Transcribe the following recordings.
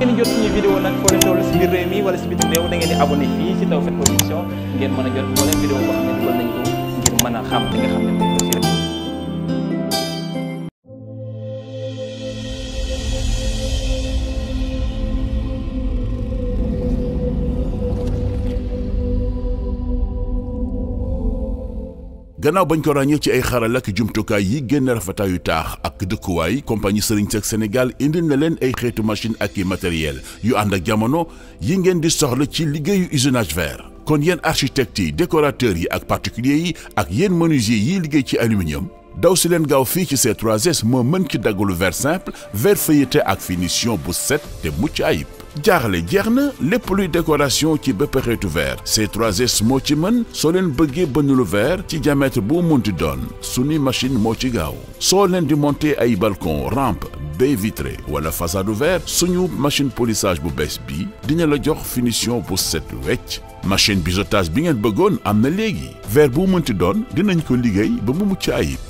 ngeen jot suñu vidéo nag foo leen toll si biir mi wala si biir réew da ngeen di abonné fii si Tawfekh Production a xam ne gannaaw bañ ko ràññee ci ay xaral ak jumtukaay yi génn rafetaayu taax ak dëkkuwaay compagnie Serigne Seck Sénégal indil na leen ay xeetu machine ak i matériel yu ànd ak jamono yi ngeen di soxla ci liggéeyu usinage vert. kon yéen architecte yi décorateur yi ak particulier yi ak yéen menuisier yiy liggéey ci aluminium daw si leen gaaw fii ci ces 3S moo mën ci daggalu verre simple verre feuilleté ak finition bu set te mucc ayib. jaaxle jeex na lépp luy décoration ci bépp xeetu verre ces 3S moo ci mën soo leen bëggee bënn lu verre ci diamètre bu munti doon suñu machine moo ci gaaw soo leen di monter ay balcon rampe baie vitrée wala façade ouverte suñu machine polissage bu bees bi dina la jox finition bu set wecc machine biseautage bi ngeen bëggoon am na léegi ver bu munti doon dinañ ko liggéey ba mu mucc ayib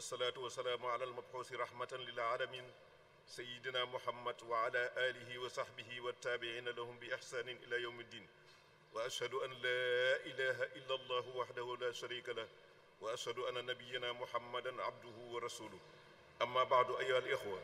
wasalaatu wasalaamu ala almabxuusi rahmatan lil alamin sayidina muhammad wa ala alihi wa sahbihi wa taabiina lahum bi ixsaanin ila yowmi ddin wa ashhadu an laa ilaha illa allahu waxdahu la sharika lah wa ashhadu anna nabiyana muhammadan abduhu wa rasuluh amma baadu ayyuha alixwa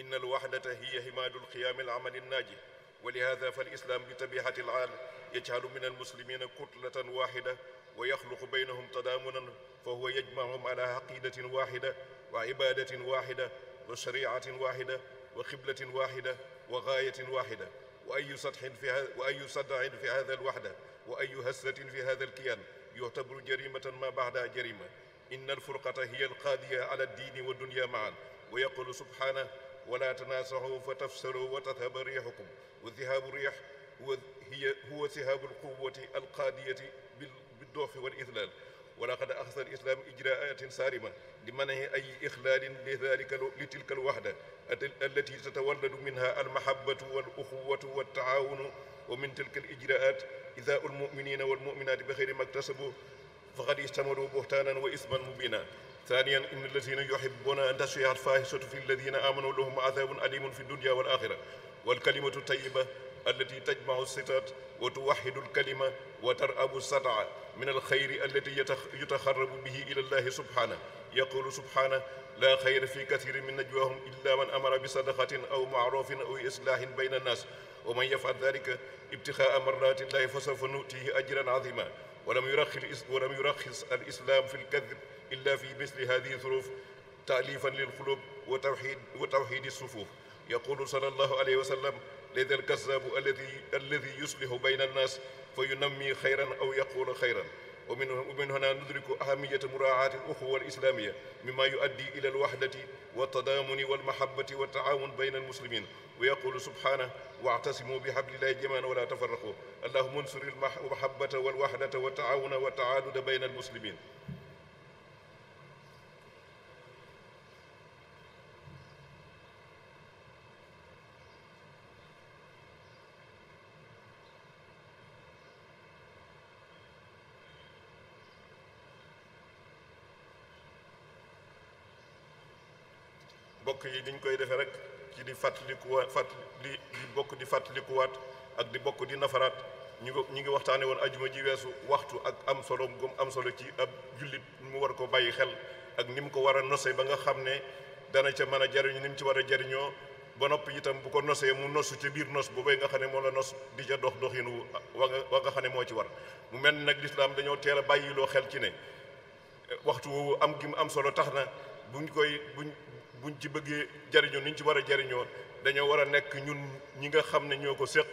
inna alwaxdata hiya himaadu alqiyaami alamali annaaji wa lihaada fa alislaam bi tabixati alaal yajcalu min almuslimina kutlatan waaxida ويخلق بينهم تضامنا فهو يجمعهم على عقيدة واحدة وعبادة واحدة وشريعة واحدة وقبلة واحدة وغاية واحدة وأي سطح في هذا وأي سطع في هذا الوحدة وأي هسة في هذا الكيان يعتبر جريمة ما بعدها جريمة إن الفرقة هي القاضية على الدين والدنيا معا ويقول سبحانه ولا تنازعوا فتفسروا وتذهب ريحكم وذهاب الريح هو هي هو ذهاب القوة القاضية بال doofi wal idlal walaqad axasa al islaam ijraatin saarima li manhi ay ixlaalin li dalika li tilka al waxda allati tatawalladu minha al mahabbatu wal uxuwatu wa taawunu wa min tilka al ijraat idaau al muminina wal muminaati bi xeyri maktasabu faqad istamaru buhtaanan wa isman mubina ثانيا ان الذين يحبون ان تشيع الفاحشه في الذين امنوا لهم عذاب اليم في الدنيا والاخره والكلمه الطيبه التي تجمع الستات وتوحد الكلمة وترأب السطع من الخير التي يتخرب به إلى الله سبحانه يقول سبحانه لا خير في كثير من نجواهم إلا من أمر بصدقة أو معروف أو إصلاح بين الناس ومن يفعل ذلك ابتغاء مرات الله فسوف نؤتيه أجرا عظيما ولم يرخص ولم يرخص الإسلام في الكذب إلا في مثل هذه الظروف تأليفا للقلوب وتوحيد وتوحيد الصفوف يقول صلى الله عليه وسلم ليت الكذاب الذي الذي يصلح بين الناس فينمي خيرا أو يقول خيرا ومن ومن هنا ندرك أهمية مراعاة الأخوة الإسلامية مما يؤدي إلى الوحدة والتضامن والمحبة والتعاون بين المسلمين ويقول سبحانه واعتصموا بحبل الله جميعا ولا تفرقوا اللهم انصر المحبة والوحدة والتعاون والتعادد بين المسلمين mbokk yi niñ koy defee rek ci di fàttalikuwaat fàttali di di bokk di fàttalikuwaat ak di bokk di nafaraat ñu ñu ngi waxtaane woon ajuma ji weesu waxtu ak am solo gum am solo ci ab jullit mu war ko bàyyi xel ak ni mu ko war a nosee ba nga xam ne dana ca mën a jariñu ni mu ci war a jariñoo ba noppi itam bu ko nosee mu nosu ca biir nos boobay nga xam ne moo la nos di ca dox doxin wa nga wa nga xam ne moo ci war mu mel ni nag lislaam dañoo teel a bàyyiloo xel ci ne waxtu woowu am gi tax buñ ci bëggee jariñoo ni ñu ci war a jariñoo dañoo war a nekk ñun ñi nga xam ne ñoo ko séq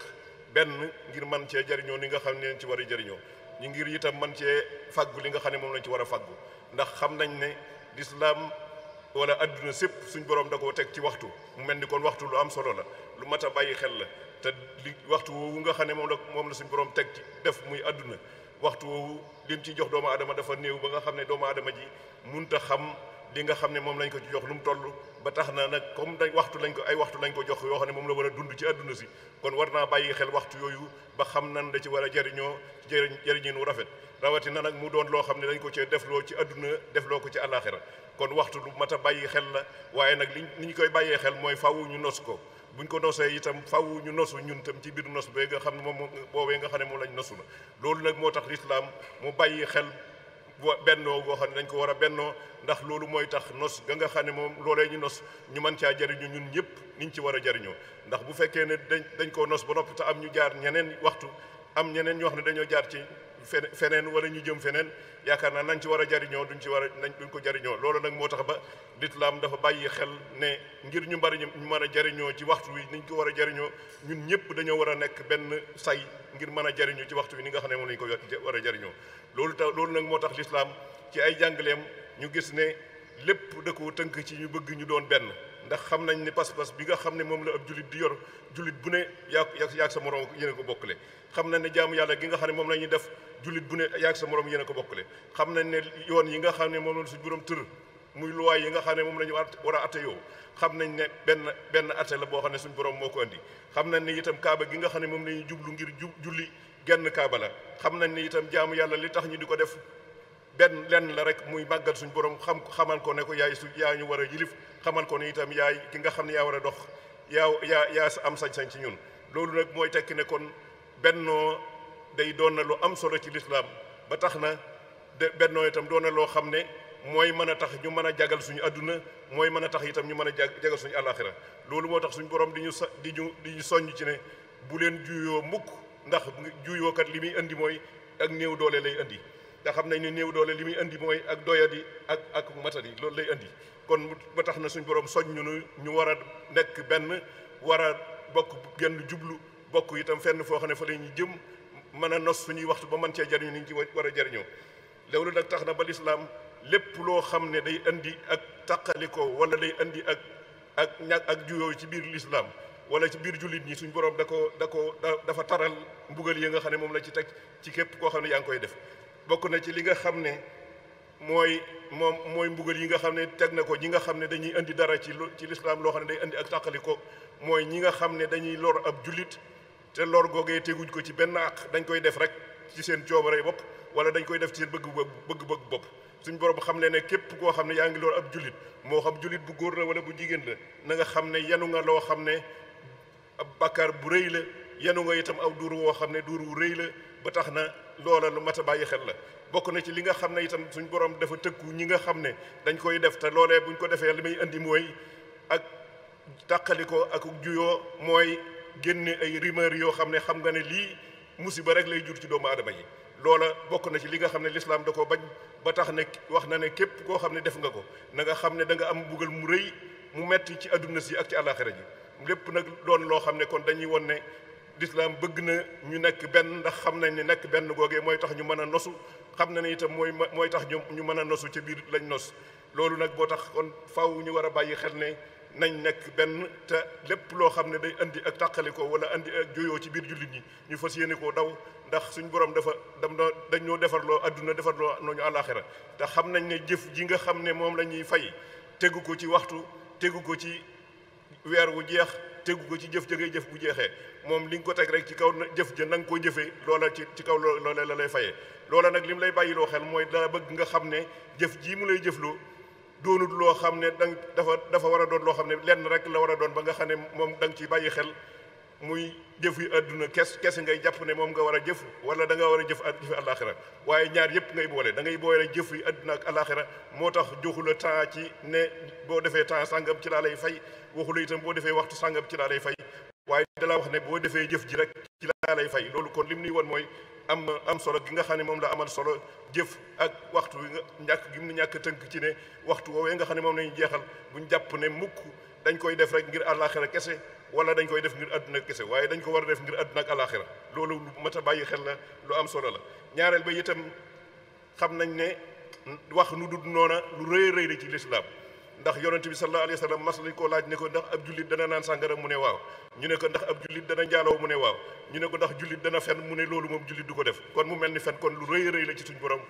benn ngir man cee jariñoo ni nga xam ne ci war a jariñoo ñu ngir itam man cee fàggu li nga xam ne moom lañ ci war a faggu ndax xam nañ ne lislaam wala adduna sépp suñ borom da koo teg ci waxtu mu mel ni kon waxtu lu am solo la lu a bàyyi xel la te li waxtu woowu nga xam ne moom la moom la suñ borom teg ci def muy àdduna waxtu woowu lim ci jox doomu aadama dafa néew ba nga xam ne doomu aadama ji munta xam li nga xam ne moom lañ ko ci jox lu mu toll ba tax na nag comme dañ waxtu lañ ko ay waxtu lañ ko jox yoo xam ne moom la war a dund ci àdduna si kon war naa bàyyi xel waxtu yooyu ba xam nan la ci war a jëriñoo jëriñ jëriñin wu rafet rawatina nag mu doon loo xam ne dañ ko cee defloo ci àdduna defloo ko ci àllaaxira kon waxtu lu mat a bàyyi xel la waaye nag li ni ñu koy bàyyee xel mooy faaw ñu nos ko buñ ko nosee itam faw ñu nosu ñun tam ci biir nos bee nga xam ne moom boobee nga xam ne moom lañ nosu la loolu nag moo tax lislaam mu bàyyi xel wa bennoo boo xam ne dañ ko war a bennoo ndax loolu mooy tax nos ga nga xam ne moom loolee ñu nos ñu mën caa jariñu ñun ñëpp niñ ci war a jariñoo ndax bu fekkee ne dañ dañ koo nos ba noppi te am ñu jaar ñeneen waxtu am ñeneen ñoo xam ne dañoo jaar ci feneen wala ñu jëm feneen yaakaar naa nañ ci war a jariñoo duñ ci war a nañ duñ ko jariñoo loolu nag moo tax ba lislaam dafa bàyyi xel ne ngir ñu bari ñu mën a jariñoo ci waxtu wi niñ ko war a jariñoo ñun ñëpp dañoo war a nekk benn say ngir mën a jariñoo ci waxtu wi ni nga xam ne moom lañ ko war a jariñoo loolu tax loolu nag moo tax lislaam ci ay jàngaleem ñu gis ne lépp da koo tënk ci ñu bëgg ñu doon benn ndax xam nañ ni pas-pas bi nga xam ne moom la ab jullit bi yor jullit bu ne yaa yaa sa morom yéen ko bokkale xam nañ ne jaamu yàlla gi nga xam ne moom la ñuy def jullit bu ne yaa sa morom yéen ko bokkale xam nañ ne yoon yi nga xam ne moom la suñu borom tër muy luwaay yi nga xam ne moom la ñu war a atte yow xam nañ ne benn benn atte la boo xam ne suñu borom moo ko andi xam nañ ne itam kaaba gi nga xam ne moom la ñuy jublu ngir jublu julli genn kaaba la xam nañ ne itam jaamu yàlla li tax ñu di ko def benn lenn la rek muy màggal suñu borom xam xamal ko ne ko yaay su yaa ñu war a yilif xamal ko ne itam yaay ki nga xam ne yaa war a dox yaa yaa yaa am sañ-sañ ci ñun loolu nag mooy tekki ne kon bennoo day doon na lu am solo ci lislaam ba tax na de bennoo itam doon na loo xam ne mooy mën a tax ñu mën a jagal suñu àdduna mooy mën a tax itam ñu mën a jagal suñu àllaaxira loolu moo tax suñu borom di ñu so di ñu di ñu soññ ci ne bu leen juyoo mukk ndax juyoo kat li muy indi mooy ak néew doole lay indi. te xam nañ ne néew doole li muy indi mooy ak doyadi ak ak matadi loolu lay indi kon ba tax na suñu borom soññu nu ñu war a nekk benn war a bokk genn jublu bokk itam fenn foo xam ne fa la ñuy jëm mën a nos suñuy waxtu ba mën cee jariñu ni ñu ci war a jariñoo loolu nag tax na ba lislaam lépp loo xam ne day indi ak taqaliko wala day indi ak ak ñàkk ak juyoo ci biir lislaam wala ci biir jullit ñi suñu borom da ko da ko dafa taral mbugal yi nga xam ne moom la ci teg ci képp koo xam ne yaa ngi koy def bokk na ci li nga xam ne mooy moom mooy mbugal yi nga xam ne teg na ko ñi nga xam ne dañuy indi dara ci ci lislaam loo xam ne day indi ak tàqali ko mooy ñi nga xam ne dañuy lor ab jullit te lor googee teguñ ko ci benn àq dañ koy def rek ci seen coobare bopp wala dañ koy def ci seen bëgg bëgg-bëgg bopp suñ borom xam le ne képp koo xam ne yaa ngi lor ab jullit moo xam jullit bu góor la wala bu jigéen la na nga xam ne yanu nga loo xam ne ab bàkkaar bu rëy la yanu nga itam aw duur woo xam ne duuru wu rëy la ba tax na loola lu mat a bàyyi xel la bokk na ci li nga xam ne itam suñ borom dafa tëkku ñi nga xam ne dañ koy def te loolee buñ ko defee li muy indi mooy ak tàqalikoo ak juyoo mooy génne ay rumeur yoo xam ne xam nga ne lii musiba rek lay jur ci doomu aadama yi loola bokk na ci li nga xam ne lislaam da ko bañ ba tax ne wax na ne képp koo xam ne def nga ko na nga xam ne da nga am mbugal mu rëy mu metti ci àdduna si ak ci àllaaxira ji lépp nag doon loo xam ne kon dañuy won ne lislaam bëgg na ñu nekk benn ndax xam nañ ne nekk benn googee mooy tax ñu mën a nosu xam na ne itam mooy mooy tax ñu mën a nosu ci biir lañ nos loolu nag boo tax kon faw ñu war a bàyyi xel ne nañ nekk benn te lépp loo xam ne day indi ak tàqalikoo wala indi ak juyoo ci biir jullit yi ñu fas yéene koo daw ndax suñ boroom dafa dam na dañ ñoo defarloo adduna defarloo nooñu àllaaxira te xam nañ ne jëf ji nga xam ne moom la ñuy fay tegu ko ci waxtu tegu ko ci weer wu jeex tegu ko ci jëf ja jëf bu jeexee moom li nga ko teg rek ci kaw jëf ja nangu nga ko jëfee loola ci ci kaw loola la lay fayee loola nag li mu lay bàyyi loo xel mooy daa bëgg nga xam ne jëf jii mu lay jëf loo doonut loo xam ne dang dafa dafa war a doon loo xam ne lenn rek la war a doon ba nga xam ne moom da nga ciy bàyyi xel muy jëf yi àdduna kes kese ngay jàpp ne moom nga war a jëf wala da nga war a jëf a jëfi àllaaxira waaye ñaar yëpp ngay boole da ngay boole jëf yi àdduna ak àllaaxira moo tax joxu temps ci ne boo defee temps sàngam ci laa lay fay waxu la itam boo defee waxtu sàngam ci laa fay waaye dala wax ne boo defee jëf ji rek ci laa lay fay loolu kon lim nuy woon mooy am am solo gi nga xam ne moom la amal solo jëf ak waxtu wi nga ñàkk gi mu ñàkk tënk ci ne waxtu woowee nga xam ne moom lañu jeexal buñ jàpp ne mukk dañ koy def rek ngir àllaaxira kese wala dañ koy def ngir àdduna kese waaye dañ ko war a def ngir àdduna ak alaxira loolu lu mat a bàyyi xel la lu am solo la ñaareel ba itam xam nañ ne wax nu du noona lu rëy rëy ci lislaam ndax yonente bi sallallahu alayhi wa sallam mas lañ koo laaj ne ko ndax ab jullit dana naan sàngara mu ne waaw ñu ne ko ndax ab jullit dana njaaloo mu ne waaw ñu ne ko ndax jullit dana fen mu ne loolu moom jullit du ko def kon mu mel ni fen kon lu rëy rëy la ci suñ borom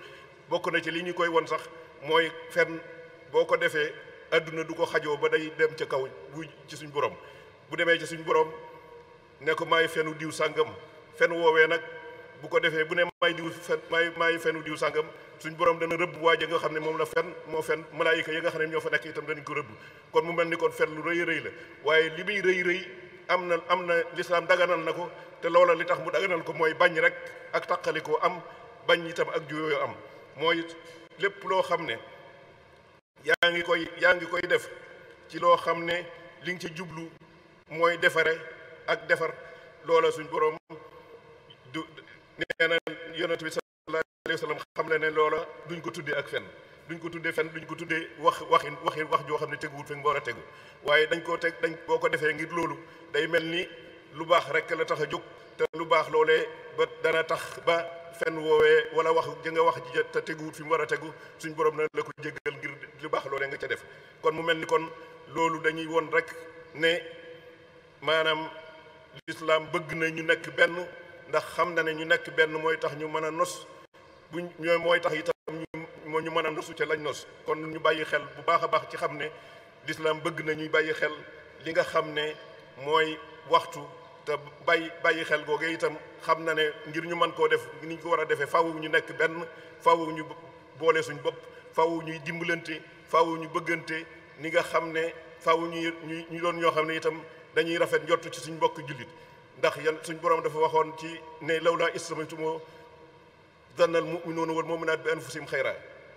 bokk na ci li ñu koy won sax mooy fen boo ko defee adduna du ko xajoo ba day dem ca kaw bu ci suñ borom bu demee ci suñu borom ne ko maay fenu diw sàngam fen woowee nag bu ko defee bu ne maay diw fen maay maay fenu diw sàngam suñu borom dana rëbb waaje nga xam ne moom la fen moo fen malaayika yi nga xam ne ñoo fa nekk itam danañ ko rëbb kon mu mel ni kon fen lu rëy rëy la waaye li muy rëy rëy am na am na lislaam daganal na ko te loola li tax mu daganal ko mooy bañ rek ak taqalikoo am bañ itam ak juyooyo am mooy lépp loo xam ne yaa ngi koy yaa ngi koy def ci loo xam ne li nga ci jublu mooy defare ak defar loola suñ boroom du nee na sa bi sallallahu alayhi wa xam ne ne loola duñ ko tuddee ak fenn duñ ko tuddee fenn duñ ko tuddee wax waxin waxin wax joo xam ne teguwul fi mu a tegu waaye dañ koo teg dañ boo ko defee ngir loolu day mel ni lu baax rek la tax jóg te lu baax loolee ba dana tax ba fenn woowee wala wax ja wax ji te teguwut fi mu war a tegu suñ borom na la ko jéggal ngir lu baax loolee nga ca def kon mu mel ni kon loolu dañuy won rek ne maanaam lislaam bëgg na ñu nekk benn ndax xam na ne ñu nekk benn mooy tax ñu mën a nos bu ñooy mooy tax itam ñu ñu mën a nosu ca lañ nos kon ñu bàyyi xel bu baaxa baax ci xam ne lislaam bëgg na bàyyi xel li nga xam ne mooy waxtu te bàyyi xel googee itam xam na ne ngir ñu mën koo def ni ñu ko war a defee faaw ñu nekk benn faaw ñu boole suñ bopp faaw ñuy dimbalante faaw ñu bëggante ni nga xam ne fawuñu ñuy ñu doon ñoo xam ne itam dañuy rafet njortu ci suñ mbokk jullit ndax yan suñ borom dafa waxoon ci ne lawlaa istamaitumo zannal muminuuna wal muminaat bi anfusihim xayra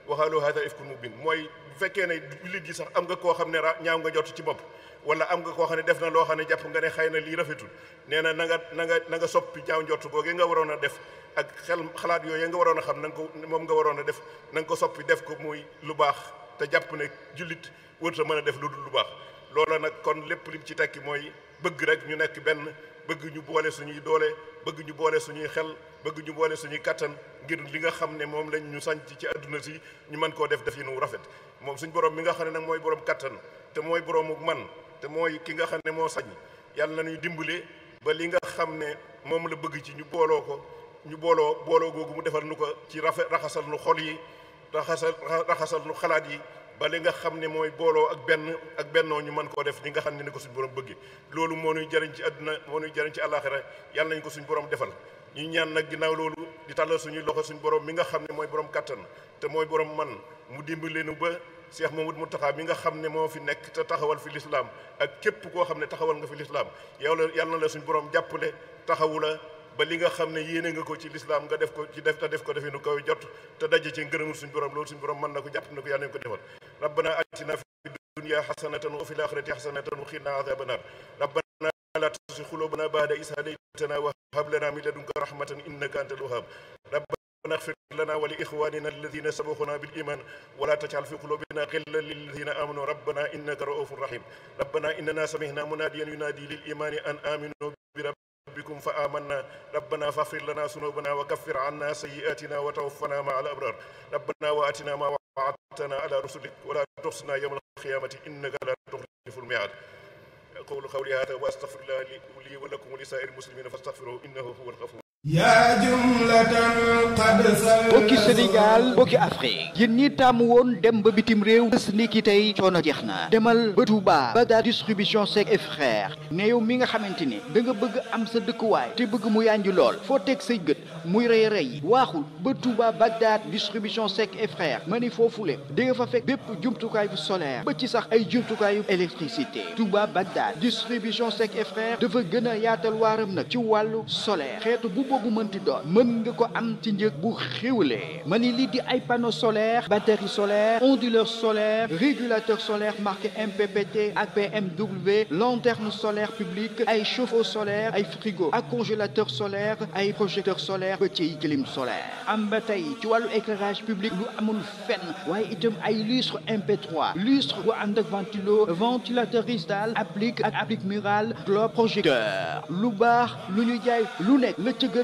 waxaaloo haada ifkun mubin mooy bu fekkee ne jullit sax am nga koo xam ne ra ñaaw nga ci bopp wala am nga koo xam ne def na loo xam ne jàpp nga ne xëy na lii rafetul nee na na nga na nga na nga soppi nga waroon a def ak xel xalaat yooyu nga waroon a xam na ko moom nga waroon a def nanga ko soppi def ko muy lu baax te jàpp ne jullit wërta mën a def lu dul lu baax loola nag kon lépp li lim ci tekki mooy bëgg rek ñu nekk benn bëgg ñu boole suñuy doole bëgg ñu boole suñuy xel bëgg ñu boole suñuy kattan ngir li nga xam ne moom lañ ñu sànc ci àdduna si ñu mën koo def def yi nu rafet moom suñ borom mi nga xam ne nag mooy borom kattan te mooy boroomu man te mooy ki nga xam ne moo sañ yàlla na ñuy dimbale ba li nga xam ne moom la bëgg ci ñu booloo ko ñu booloo booloo googu mu defal nu ko ci rafet raxasal nu xol yi raxasal raxasal nu xalaat yi ba li nga xam ne mooy booloo ak benn ak bennoo ñu mën koo def ñi nga xam ne ni ko suñu borom bëggee loolu moo nuy jariñ ci àdduna moo nuy jëriñ ci àllaaxira yàlla nañ ko suñu borom defal ñu ñaan nag ginnaaw loolu di tàllal suñuy loxo suñu borom mi nga xam ne mooy kattan te mooy borom man mu dimbali nu ba Cheikh Mamadou Mountakha mi nga xam ne moo fi nekk te taxawal fi lislaam ak képp koo xam ne taxawal nga fi lislaam yow la yàlla na la suñu borom jàppale taxawu la ba li nga xam ne yéene nga ko ci lislaam nga def ko ci def def ko definu kaw jot te daje ci ngërëmul suñu borom loolu suñu borom mën na ko jàpp na ko yàlla nañu ko ربنا آتنا في الدنيا حسنة وفي الآخرة حسنة وقنا عذاب النار ربنا لا تزغ قلوبنا بعد إذ هديتنا وهب لنا من لدنك رحمة إنك أنت الوهاب ربنا اغفر لنا ولإخواننا الذين سبقونا بالإيمان ولا تجعل في قلوبنا غلا للذين آمنوا ربنا إنك رؤوف رحيم ربنا إننا سمعنا مناديا ينادي للإيمان أن آمنوا بربكم فآمنا ربنا فاغفر لنا ذنوبنا وكفر عنا سيئاتنا وتوفنا مع الأبرار ربنا وآتنا ما وعدتنا على رسلك ولا تخزنا يوم القيامة إنك لا تخلف الميعاد أقول قولي هذا وأستغفر الله لي ولكم ولسائر المسلمين فاستغفروه إنه هو الغفور yaa jumlatan qad sal bokki Sénégal bokki Afrique yéen ñi tàmm woon dem ba bitim réew bés ni ki tey coono jeex na demal ba Touba Bagdad distribution Seck et frère ne yow mi nga xamante ni da nga bëgg am sa dëkkuwaay te bëgg mu yànji lool foo teg say muy rey rey yi waaxul ba Touba Bagdad distribution Seck ma ni foofule di nga fa fekk bépp jumtukaay bu solaire ba ci sax ay jumtukaayu électricité Touba Bagdad distribution Seck et dafa gën a yaatal waaram nag ci wàllu solaire boobu mënti doon ko ma ni lii di ay panneau solaire batterie solaire onduleur solaire régulateur solaire marqué MPPT APMW lanterne solaire publique ay chauffe-eau solaire ay frigo ak congélateur solaire ay projecteur solaire petit clim solaire am ba tey ci wàllu éclairage public lu amul fenn waaye itam ay lustre MP3 lustre bu ànd ventilo ventilateur cristal applique applique murale globe projecteur lu baax lu ñu jaay lu nekk